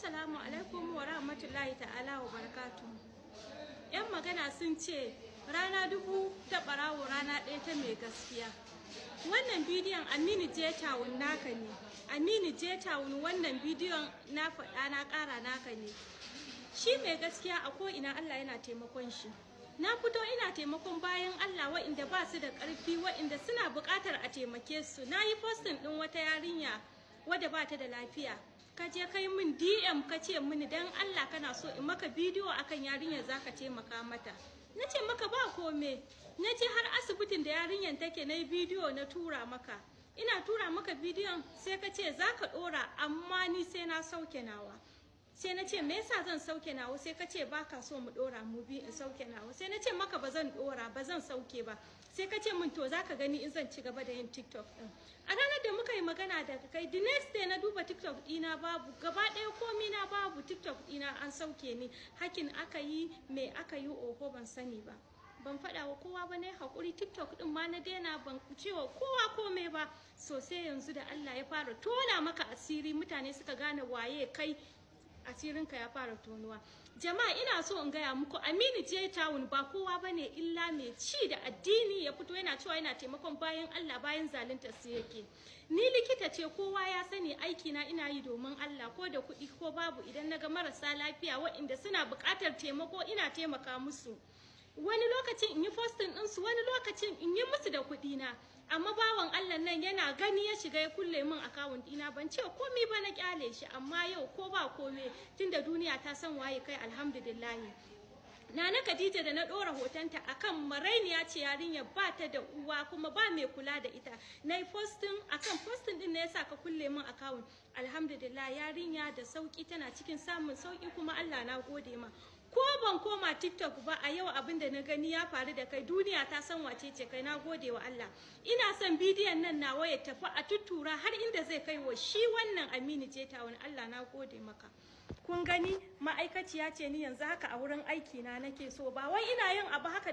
Assalamu alaikum wa rahmatullahi ta'ala wa barakatuhu ‘Yan magana sun ce rana dubu ta barawo rana ɗaya ta mai gaskiya. Wannan bidiyon Aminu Jetawun naka ne. Aminu Jetawun wannan bidiyon na faɗa na ƙara naka ne. Shi mai gaskiya a ko'ina Allah yana taimakon shi. Na fito ina taimakon bayan Allah wa'inda ba su da ƙarfi wa'inda suna buƙatar a taimake su. Na yi postin ɗin wata yarinya wadda ba ta da lafiya. ka je kai min DM ka ce mini dan Allah kana so in maka bidiyo akan yarinyar zaka taimaka mata na ce maka ba kome na har asibitin da yarinyar take na bidiyo na tura maka ina tura maka bidiyon sai ka ce zaka dora amma ni sai na sauke nawa sai na ce me yasa zan sauke nawa sai ka ce baka so mu dora mu bi in sauke nawa sai na ce maka ba zan dora ba zan sauke ba sai ka ce min to zaka gani in zan ci gaba da yin TikTok din a ranar da muka yi magana da kai the next day na duba TikTok dina babu gaba daya komi na babu TikTok dina an sauke ni hakin aka yi me aka yi oho ban sani ba ban fada wa kowa ba na hakuri tiktok din ma na daina ban cewa kowa komai ba sosai yanzu da allah ya fara tona maka asiri mutane suka gane waye kai asirin ka ya fara tonuwa jama'a ina so in gaya muku aminu je town ba kowa bane illa mai ci da addini ya fito yana cewa yana taimakon bayan allah bayan zalunta su yake ni likita ce kowa ya sani aiki na ina yi domin allah ko da kuɗi ko babu idan naga marasa lafiya waɗanda suna buƙatar taimako ina taimaka musu wani lokacin in yi fostin ɗinsu wani lokacin in yi musu da kuɗi na amma bawan Allah nan yana gani ya shiga ya kulle min akawun ɗina ban ce komai ba na kyale shi amma yau ko ba komai tunda duniya ta san waye kai na Nana Khadija da na ɗora hotonta akan marainiya ce yarinya ba ta da uwa kuma ba mai kula da ita. Na yi akan posting din na yasa ka kulle min akawun. Alhamdulillah yarinya da sauki tana cikin samun sauki kuma Allah na gode ma. ko ban koma tiktok ba a yau abin da na gani ya faru da kai duniya ta san wace ce kai na gode wa Allah ina son bidiyon nan nawa ya tafi a tuttura har inda zai kai wa shi wannan amini je ta wani Allah na gode maka kun gani ma'aikaciya ce ni yanzu haka a wurin aiki na nake so ba wai ina yin abu haka